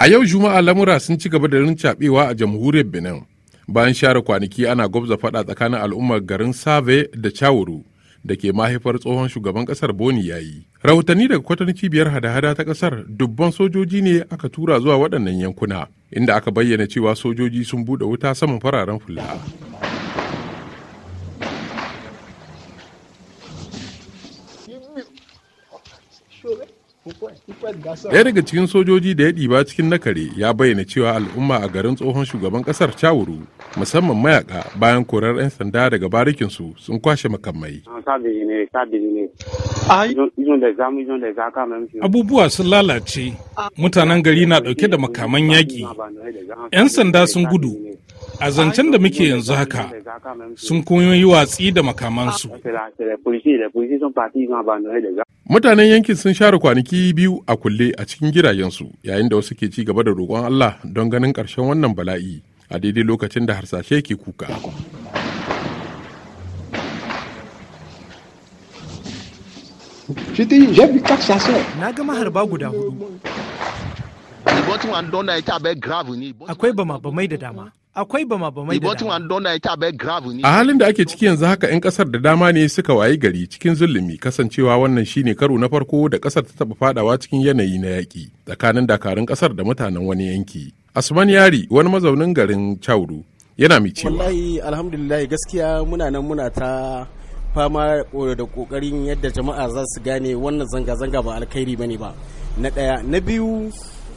A yau Juma'a lamura sun ci gaba da rincaɓewa a jamhuriyar Benin bayan share kwanaki ana gwabza faɗa tsakanin al'ummar garin Save da Chawuru da ke mahaifar tsohon shugaban ƙasar Boni yayi. Rahotanni daga kwatanci cibiyar hada-hada ta ƙasar dubban sojoji ne aka tura zuwa waɗannan yankuna inda aka bayyana cewa sojoji sun buɗe wuta saman fararen fula. Sure. Ɗaya daga cikin sojoji da ya ɗiba cikin nakare ya bayyana cewa al'umma a garin tsohon shugaban ƙasar Cawuru musamman mayaka bayan korar 'yan sanda daga barikinsu sun kwashe makamai. Abubuwa sun lalace, mutanen gari na ɗauke da makaman yaƙi. 'Yan sanda sun gudu, a zancen da muke yanzu haka sun kuma yi watsi da makamansu. Mutanen yankin sun share kwanaki biyu a kulle a cikin gidajensu yayin da wasu ke ci gaba da roƙon Allah don ganin ƙarshen wannan bala'i a daidai lokacin da harsashe ke kuka. Na gama harba guda hudu. Akwai bama bamai da dama. akwai bama-bamai da A halin da ake ciki yanzu haka 'yan kasar da dama ne suka wayi gari cikin zulumi kasancewa wannan shine karo na farko da kasar ta taba fadawa cikin yanayi na yaƙi tsakanin dakarun kasar da mutanen wani yanki. Asman Yari wani mazaunin garin Chauru yana mai cewa. Wallahi alhamdulillah gaskiya muna nan muna ta fama da kokarin yadda jama'a za su gane wannan zanga-zanga ba alkhairi bane ba. Na daya na biyu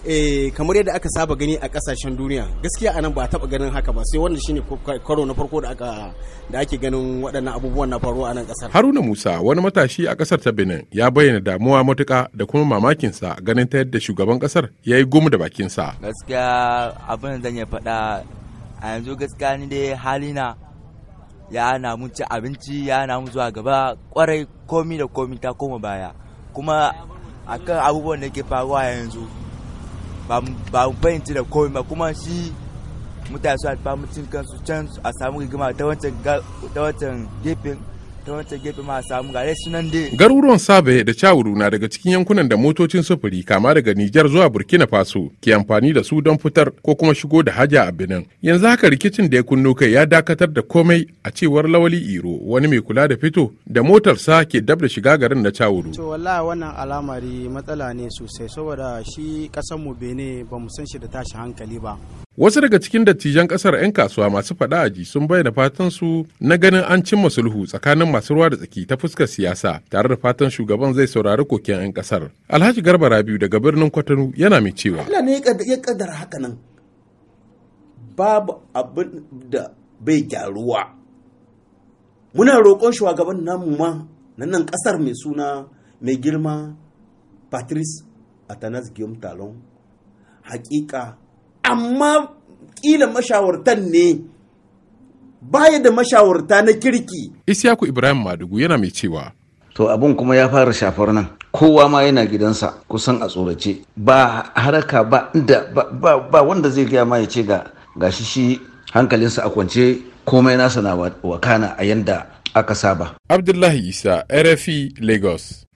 eh kamar yadda aka saba gani a kasashen duniya gaskiya anan ba a taba ganin haka ba sai wannan shine karo na farko da aka da ake ganin waɗannan abubuwan na faruwa a nan kasar Haruna Musa wani matashi a kasar ta Benin ya bayyana damuwa matuka da kuma mamakin sa ganin ta yadda shugaban kasar yayi yi gumu da bakin sa gaskiya abin da zan ya faɗa a yanzu gaskiya ni dai halina ya na mun ci abinci ya na mun zuwa gaba kwarai komi da komi ta koma baya kuma akan abubuwan da ke faruwa yanzu ba mu fahimci da komai ba kuma shi mutane su alfa kansu can a samu rigima ta wancan gefen ta garuruwan sabe da cawuru na daga cikin yankunan da motocin sufuri kama daga nijar zuwa burkina faso ke amfani da su don fitar ko kuma shigo da haja a benin yanzu haka rikicin da ya kunno kai ya dakatar da komai a cewar lawali iro wani mai kula da fito da motarsa ke dab da shiga garin na cawuru to wallahi wannan alamari matsala ne sosai saboda shi kasan mu bene bamu san shi da tashi hankali ba Wasu daga cikin dattijan kasar 'yan kasuwa masu faɗa aji sun bayyana fatan su na ganin an cimma sulhu tsakanin masu ruwa da tsaki ta fuskar siyasa tare da fatan shugaban zai saurari koken 'yan kasar. Alhaji Garba Rabiu daga birnin Kwatano yana mai cewa. Allah ne ya kaddara haka nan. Babu abin da bai gyaruwa. Muna roƙon shugaban namu ma na nan kasar mai suna mai girma Patrice Atanas Guillaume Talon. Hakika amma ƙila mashawartan ne baya da mashawarta na kirki Isiyaku ibrahim madugu yana mai cewa to abin kuma ya fara shafar nan kowa ma yana gidansa kusan a tsorace ba haraka ba inda ba, wanda zai gaya ma ya ce ga gashi shi hankalinsa a kwance komai nasa na wakana a yanda aka saba abdullahi isa rfi lagos